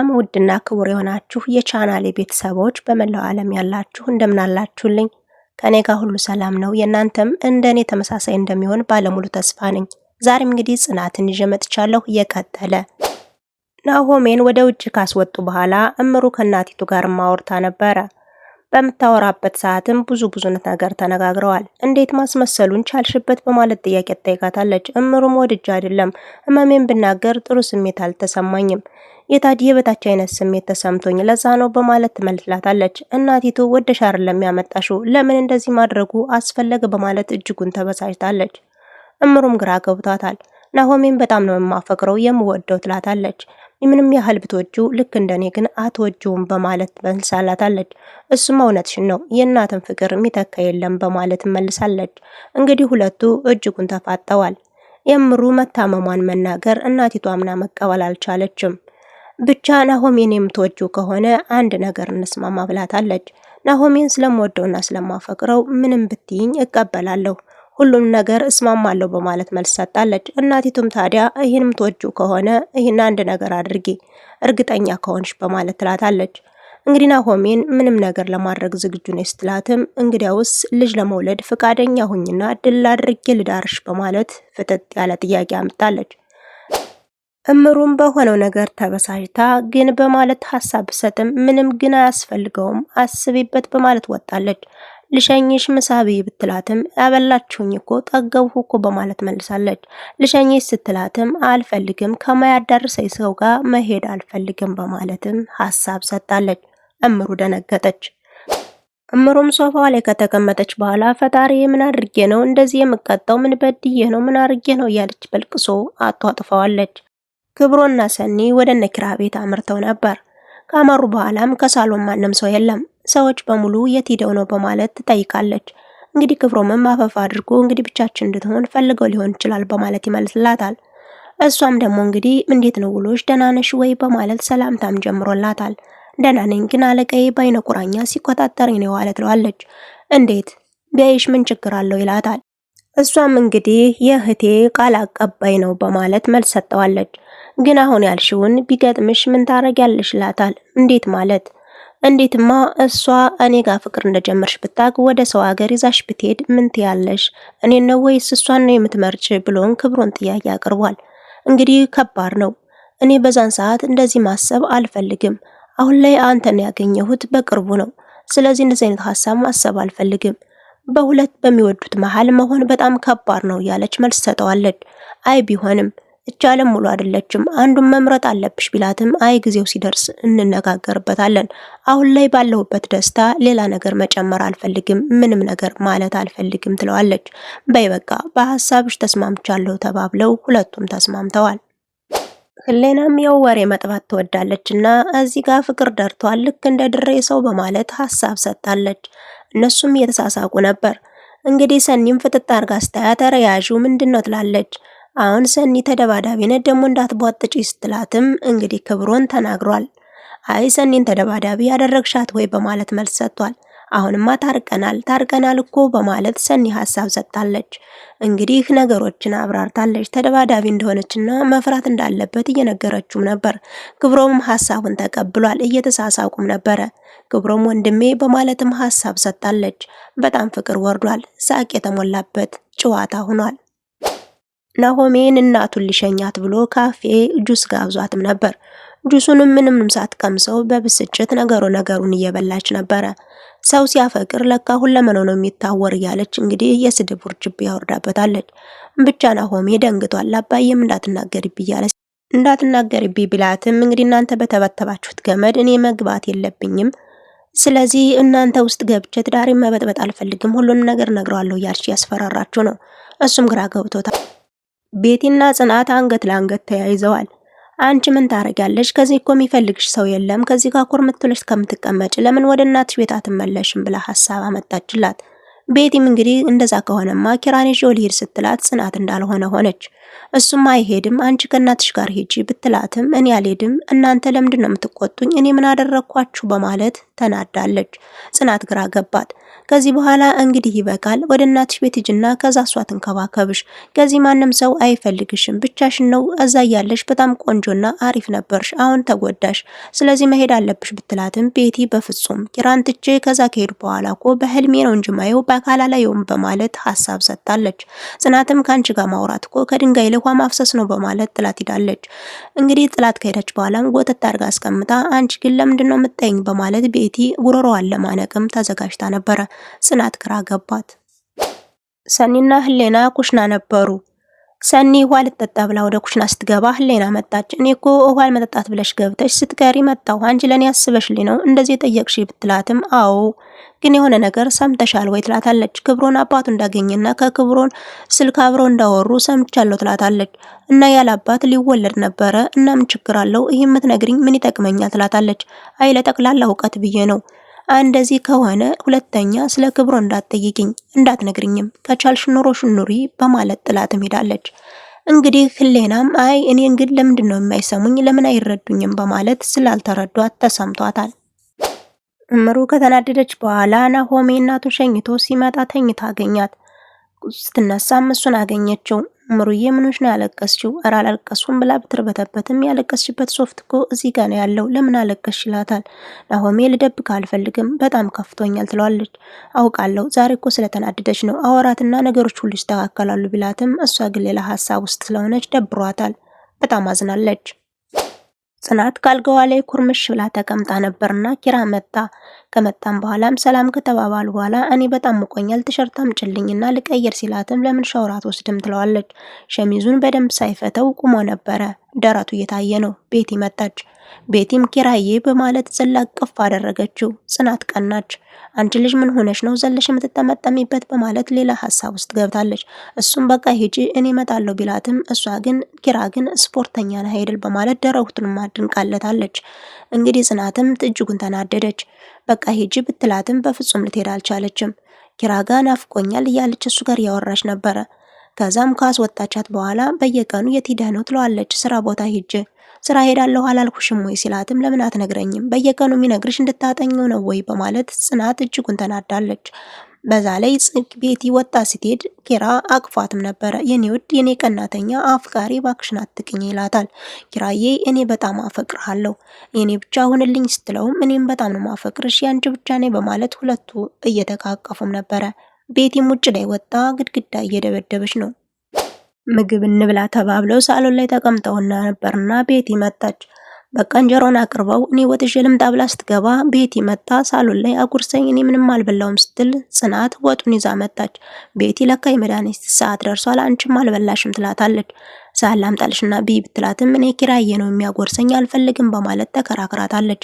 በጣም ውድና ክቡር የሆናችሁ የቻናሌ ቤተሰቦች በመላው ዓለም ያላችሁ እንደምናላችሁልኝ ከኔ ጋር ሁሉ ሰላም ነው። የእናንተም እንደኔ ተመሳሳይ እንደሚሆን ባለሙሉ ተስፋ ነኝ። ዛሬም እንግዲህ ጽናትን ይዤ መጥቻለሁ። የቀጠለ ናሆሜን ወደ ውጭ ካስወጡ በኋላ እምሩ ከእናቲቱ ጋር ማወርታ ነበረ። በምታወራበት ሰዓትም ብዙ ብዙ ነገር ተነጋግረዋል። እንዴት ማስመሰሉን ቻልሽበት በማለት ጥያቄ ትጠይቃታለች። እምሩም ወድጄ አይደለም እመሜን ብናገር ጥሩ ስሜት አልተሰማኝም የታዲ የበታች አይነት ስሜት ተሰምቶኝ ለዛ ነው በማለት ትመልስላታለች። እናቲቱ ወደሻር አይደለም ያመጣሽው ለምን እንደዚህ ማድረጉ አስፈለገ በማለት እጅጉን ተበሳጭታለች። እምሩም ግራ ገብቷታል። ናሆሜን በጣም ነው የማፈቅረው የምወደው ትላታለች። የምንም ያህል ብትወጁ ልክ እንደኔ ግን አትወጂውም በማለት መልሳላታለች። እሱም እውነትሽን ነው የእናትን ፍቅር የሚተካ የለም በማለት መልሳለች። እንግዲህ ሁለቱ እጅጉን ተፋጠዋል። የምሩ መታመሟን መናገር እናቲቷ አምና መቀበል አልቻለችም። ብቻ ናሆሜን የምትወጂው ከሆነ አንድ ነገር እንስማማ ብላታለች። ናሆሜን ስለምወደውና ስለማፈቅረው ምንም ብትይኝ እቀበላለሁ ሁሉም ነገር እስማማለሁ በማለት መልስ ሰጣለች። እናቲቱም ታዲያ ይህን ትወጁ ከሆነ ይህን አንድ ነገር አድርጊ እርግጠኛ ከሆንሽ በማለት ትላታለች። እንግዲህ ናሆሜን ምንም ነገር ለማድረግ ዝግጁ ነ ስትላትም እንግዲያውስ ልጅ ለመውለድ ፈቃደኛ ሁኝና ድል አድርጌ ልዳርሽ በማለት ፍጥጥ ያለ ጥያቄ አምጣለች። እምሩም በሆነው ነገር ተበሳጭታ ግን በማለት ሀሳብ ብሰጥም ምንም ግን አያስፈልገውም አስቢበት በማለት ወጣለች። ልሸኝሽ ምሳ ብትላትም ያበላችሁኝ እኮ ጠገብሁ እኮ በማለት መልሳለች። ልሸኝሽ ስትላትም አልፈልግም ከማያዳርሰኝ ሰው ጋር መሄድ አልፈልግም በማለትም ሀሳብ ሰጣለች። እምሩ ደነገጠች። እምሩም ሶፋ ላይ ከተቀመጠች በኋላ ፈጣሪ ምን አድርጌ ነው እንደዚህ የምቀጣው? ምን በድዬ ነው? ምን አድርጌ ነው? እያለች በልቅሶ አጧጥፈዋለች። ክብሮና ሰኒ ወደ ነኪራ ቤት አምርተው ነበር። ካመሩ በኋላም ከሳሎን ማንም ሰው የለም። ሰዎች በሙሉ የት ሂደው ነው በማለት ትጠይቃለች። እንግዲህ ክፍሮምም አፈፋ አድርጎ እንግዲህ ብቻችን እንድትሆን ፈልገው ሊሆን ይችላል በማለት ይመልስላታል። እሷም ደግሞ እንግዲህ እንዴት ነው ውሎሽ፣ ደህና ነሽ ወይ በማለት ሰላምታም ጀምሮላታል። ደህና ነኝ፣ ግን አለቃዬ በአይነ ቁራኛ ሲቆጣጠረኝ ነው የዋለ ትለዋለች። እንዴት ቢያይሽ ምን ችግር አለው ይላታል። እሷም እንግዲህ የእህቴ ቃል አቀባይ ነው በማለት መልስ ሰጠዋለች። ግን አሁን ያልሽውን ቢገጥምሽ ምን ታረጊያለሽ ይላታል። እንዴት ማለት እንዴትማ እሷ እኔ ጋር ፍቅር እንደጀመርሽ ብታቅ ወደ ሰው ሀገር ይዛሽ ብትሄድ ምን ትያለሽ? እኔን ነው ወይስ እሷን ነው የምትመርጭ? ብሎን ክብሮን ጥያቄ አቅርቧል። እንግዲህ ከባድ ነው። እኔ በዛን ሰዓት እንደዚህ ማሰብ አልፈልግም። አሁን ላይ አንተን ያገኘሁት በቅርቡ ነው። ስለዚህ እንደዚህ አይነት ሀሳብ ማሰብ አልፈልግም። በሁለት በሚወዱት መሀል መሆን በጣም ከባድ ነው እያለች መልስ ሰጠዋለች። አይ ቢሆንም እች ዓለም ሙሉ አይደለችም፣ አንዱን መምረጥ አለብሽ ቢላትም አይ ጊዜው ሲደርስ እንነጋገርበታለን። አሁን ላይ ባለሁበት ደስታ ሌላ ነገር መጨመር አልፈልግም፣ ምንም ነገር ማለት አልፈልግም ትለዋለች። በይ በቃ በሀሳብሽ ተስማምቻለሁ ተባብለው ሁለቱም ተስማምተዋል። ህሌናም ያው ወሬ መጥባት ትወዳለች እና እዚህ ጋር ፍቅር ደርቷል ልክ እንደ ድሬ ሰው በማለት ሀሳብ ሰጣለች። እነሱም እየተሳሳቁ ነበር። እንግዲህ ሰኒም ፍጥጥ አርጋ ስታያት ተረያዡ ምንድን ነው ትላለች። አሁን ሰኒ ተደባዳቢ ደሞ ደግሞ እንዳትቧጥጪ ስትላትም እንግዲህ ክብሮን ተናግሯል። አይ ሰኒን ተደባዳቢ ያደረግሻት ወይ በማለት መልስ ሰጥቷል። አሁንማ ታርቀናል ታርቀናል እኮ በማለት ሰኒ ሀሳብ ሰጥታለች። እንግዲህ ነገሮችን አብራርታለች። ተደባዳቢ እንደሆነችና መፍራት እንዳለበት እየነገረችውም ነበር። ክብሮም ሀሳቡን ተቀብሏል። እየተሳሳቁም ነበረ። ክብሮም ወንድሜ በማለትም ሀሳብ ሰጥታለች። በጣም ፍቅር ወርዷል። ሳቅ የተሞላበት ጨዋታ ሆኗል። ናሆሜን እናቱን ሊሸኛት ብሎ ካፌ ጁስ ጋብዟትም ነበር። ጁሱንም ምንም ሳትቀምሰው በብስጭት ነገሮ ነገሩን እየበላች ነበረ። ሰው ሲያፈቅር ለካ ሁለመናው ነው የሚታወር እያለች እንግዲህ የስድብ ውርጅብ ያወርዳበታለች። ብቻ ናሆሜ ደንግቷል። አባዬም እንዳትናገሪብ እያለ እንዳትናገሪብ ቢላትም እንግዲህ እናንተ በተበተባችሁት ገመድ እኔ መግባት የለብኝም ስለዚህ እናንተ ውስጥ ገብቼ ትዳሬን መበጥበጥ አልፈልግም፣ ሁሉንም ነገር ነግረዋለሁ እያልሽ ያስፈራራችሁ ነው። እሱም ግራ ገብቶታል። ቤቲና ጽናት አንገት ለአንገት ተያይዘዋል። አንቺ ምን ታረጊያለሽ? ከዚህ እኮ የሚፈልግሽ ሰው የለም። ከዚህ ጋር ኮርምት ከምትቀመጭ ለምን ወደ እናትሽ ቤት አትመለሽም? ብላ ሀሳብ አመጣችላት። ቤቲም እንግዲህ እንደዛ ከሆነማ ኪራን ይዤው ስትላት ጽናት እንዳልሆነ ሆነች። እሱም አይሄድም፣ አንቺ ከእናትሽ ጋር ሂጂ ብትላትም እኔ አልሄድም፣ እናንተ ለምንድን ነው የምትቆጡኝ? እኔ ምን አደረግኳችሁ? በማለት ተናዳለች። ጽናት ግራ ገባት። ከዚህ በኋላ እንግዲህ ይበቃል፣ ወደ እናትሽ ቤት ሂጂና ከዛ እሷ ትንከባከብሽ። ከዚህ ማንም ሰው አይፈልግሽም፣ ብቻሽን ነው። እዛ እያለሽ በጣም ቆንጆና አሪፍ ነበርሽ፣ አሁን ተጎዳሽ፣ ስለዚህ መሄድ አለብሽ ብትላትም ቤቲ በፍጹም ኪራን ትቼ ከዛ ከሄዱ በኋላ እኮ በህልሜ ነው እንጂ ማየው በአካል አላየውም በማለት ሀሳብ ሰጥታለች። ጽናትም ከአንቺ ጋር ማውራት እኮ ከድንገ አገልጋይ ለውሃ ማፍሰስ ነው በማለት ጥላት ሂዳለች። እንግዲህ ጥላት ከሄደች በኋላም ወተት አድርጋ አስቀምጣ አንቺ ግን ለምንድን ነው የምጠይኝ በማለት ቤቲ ጉሮሮዋን ለማነቅም ተዘጋጅታ ነበረ። ጽናት ግራ ገባት። ሰኒና ህሌና ኩሽና ነበሩ። ሰኒ ውሃ ልጠጣ ብላ ወደ ኩሽና ስትገባ ህሌና መጣች። እኔ እኮ ውሃ መጠጣት ብለሽ ገብተሽ ስትቀሪ መጣሁ። አንቺ ለእኔ ያስበሽልኝ ነው እንደዚህ የጠየቅሽ ብትላትም አዎ ግን የሆነ ነገር ሰምተሻል ወይ ትላታለች። ክብሮን አባቱ እንዳገኘና ከክብሮን ስልክ አብረው እንዳወሩ ሰምቻለሁ ትላታለች። እና ያለ አባት ሊወለድ ነበረ እና ምን ችግር አለው? ይህ የምትነግሪኝ ምን ይጠቅመኛል? ትላታለች። አይ ለጠቅላላ እውቀት ብዬ ነው እንደዚህ ከሆነ ሁለተኛ ስለ ክብሮ እንዳትጠይቅኝ እንዳትነግርኝም ከቻልሽ ኑሮሽን ኑሪ በማለት ጥላት ሄዳለች። እንግዲህ ህሌናም አይ እኔ ግን ለምንድን ነው የማይሰሙኝ ለምን አይረዱኝም በማለት ስላልተረዷት ተሰምቷታል። እምሩ ከተናደደች በኋላ ናሆሜ እናቱ ሸኝቶ ሲመጣ ተኝታ አገኛት። ስትነሳም እሱን አገኘችው። እምሩዬ ምኖች ነው ያለቀስችው? እረ አላለቀስኩም ብላ ብትርበተበትም ያለቀስችበት ሶፍት እኮ እዚህ ጋር ነው ያለው፣ ለምን አለቀስሽ ይላታል። ናሆሜ ልደብቅ አልፈልግም በጣም ከፍቶኛል ትለዋለች። አውቃለሁ ዛሬ እኮ ስለተናደደች ነው አወራትና ነገሮች ሁሉ ይስተካከላሉ ቢላትም እሷ ግን ሌላ ሀሳብ ውስጥ ስለሆነች ደብሯታል። በጣም አዝናለች። ጽናት ካልጋዋ ላይ ኩርምሽ ብላ ተቀምጣ ነበርና ኪራ መጣ። ከመጣም በኋላም ሰላም ከተባባሉ በኋላ እኔ በጣም ሙቆኛል ቲሸርት አምጪልኝና ልቀየር ሲላትም ለምን ሻወር ወስድም ትለዋለች። ሸሚዙን በደንብ ሳይፈተው ቁሞ ነበረ፣ ደረቱ እየታየ ነው። ቤቲ መጣች። ቤቲም ኪራዬ በማለት ጽላ ቅፍ አደረገችው። ጽናት ቀናች። አንቺ ልጅ ምን ሆነሽ ነው ዘለሽ የምትጠመጠሚበት? በማለት ሌላ ሀሳብ ውስጥ ገብታለች። እሱም በቃ ሂጂ እኔ እመጣለሁ ቢላትም እሷ ግን ኪራ ግን ስፖርተኛ ነህ አይደል? በማለት ደረቱንም አድንቃለታለች። እንግዲህ ጽናትም እጅጉን ተናደደች። በቃ ሂጂ ብትላትም በፍጹም ልትሄድ አልቻለችም። ኪራ ጋር ናፍቆኛል እያለች እሱ ጋር ያወራች ነበረ። ከዛም ካስወጣቻት በኋላ በየቀኑ የት ሄደህ ነው ትለዋለች። ስራ ቦታ ሂጅ ስራ ሄዳለሁ አላልኩሽም ወይ ሲላትም ለምን አትነግረኝም? በየቀኑ የሚነግርሽ እንድታጠኘው ነው ወይ በማለት ጽናት እጅጉን ተናዳለች። በዛ ላይ ቤቲ ወጣ ስትሄድ ኪራ አቅፏትም ነበረ። የኔ ውድ የኔ ቀናተኛ አፍቃሪ ባክሽን አትቅኝ ይላታል። ኪራዬ እኔ በጣም አፈቅርሃለሁ የኔ ብቻ ሁንልኝ ስትለውም እኔም በጣም ነው ማፈቅርሽ ያንቺ ብቻ ነኝ በማለት ሁለቱ እየተቃቀፉም ነበረ። ቤቲም ውጭ ላይ ወጣ ግድግዳ እየደበደበች ነው። ምግብ እንብላ ተባብለው ሳሎን ላይ ተቀምጠው ነበርና ቤቲ መጣች። በቃ እንጀራውን አቅርበው እኔ ወጥዤ ልምጣ ብላ ስትገባ ቤቲ መጣ። ሳሎን ላይ አጉርሰኝ እኔ ምንም አልበላውም ስትል ጽናት ወጡን ይዛ መጣች። ቤቲ ለካ የመድኃኒት ሰዓት ደርሷል አንቺም አልበላሽም ትላታለች። ሳህል ላምጣልሽና ብይ ብትላትም እኔ ኪራዬ ነው የሚያጎርሰኝ አልፈልግም በማለት ተከራክራታለች።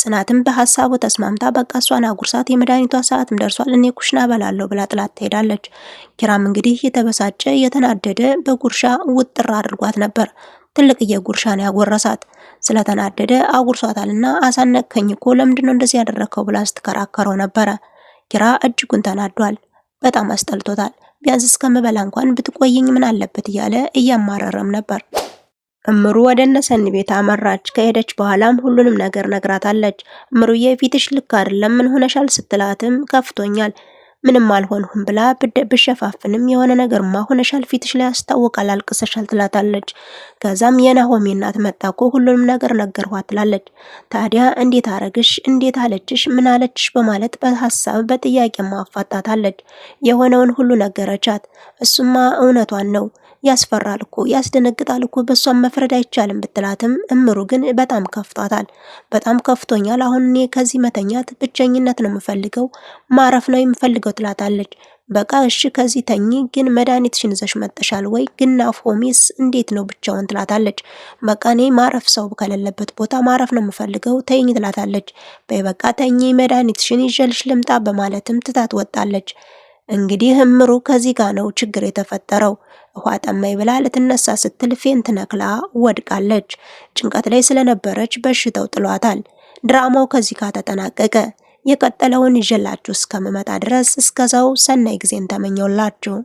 ጽናትም በሀሳቡ ተስማምታ በቃ እሷን አጉርሳት የመድኃኒቷ ሰዓትም ደርሷል እኔ ኩሽና በላለሁ ብላ ጥላት ትሄዳለች። ኪራም እንግዲህ የተበሳጨ የተናደደ በጉርሻ ውጥር አድርጓት ነበር። ትልቅዬ ጉርሻ ነው ያጎረሳት። ስለተናደደ አጉርሷታልና አሳነቅከኝ እኮ ለምንድነው እንደዚህ ያደረከው ብላ ስትከራከረው ነበረ። ኪራ እጅጉን ተናዷል። በጣም አስጠልቶታል። ቢያንስ እስከምበላ እንኳን ብትቆይኝ ምን አለበት እያለ እያማረረም ነበር። እምሩ ወደ እነሰኒ ቤት አመራች። ከሄደች በኋላም ሁሉንም ነገር ነግራታለች። እምሩዬ ፊትሽ ልክ አይደለም፣ ምን ሆነሻል ስትላትም ከፍቶኛል ምንም አልሆንሁም ብላ ብሸፋፍንም የሆነ ነገርማ ሆነሻል፣ ፊትሽ ላይ ያስታውቃል፣ አልቅሰሻል ትላታለች። ከዛም የናሆሜ እናት መጣ እኮ ሁሉንም ነገር ነገርኋት ትላለች። ታዲያ እንዴት አረግሽ? እንዴት አለችሽ? ምን አለችሽ? በማለት በሀሳብ በጥያቄ ማፋጣታለች። የሆነውን ሁሉ ነገረቻት። እሱማ እውነቷን ነው ያስፈራል እኮ ያስደነግጣል እኮ በእሷም መፍረድ አይቻልም ብትላትም እምሩ ግን በጣም ከፍቷታል። በጣም ከፍቶኛል፣ አሁን እኔ ከዚህ መተኛት ብቸኝነት ነው የምፈልገው፣ ማረፍ ነው የምፈልገው ትላታለች። በቃ እሺ ከዚህ ተኚ፣ ግን መድኃኒትሽን ይዘሽ መጠሻል ወይ? ግና ፎሚስ እንዴት ነው ብቻውን ትላታለች። በቃ እኔ ማረፍ ሰው ከሌለበት ቦታ ማረፍ ነው የምፈልገው ተኝ ትላታለች። በይ በቃ ተኚ፣ መድኃኒትሽን ይዤልሽ ልምጣ በማለትም ትታት ወጣለች። እንግዲህ እምሩ ከዚህ ጋ ነው ችግር የተፈጠረው። ውሃ ጠማኝ ብላ ልትነሳ ስትል ፌንት ነክላ ወድቃለች። ጭንቀት ላይ ስለነበረች በሽታው ጥሏታል። ድራማው ከዚህ ጋር ተጠናቀቀ። የቀጠለውን ይዤላችሁ እስከምመጣ ድረስ እስከዛው ሰናይ ጊዜን ተመኘውላችሁ።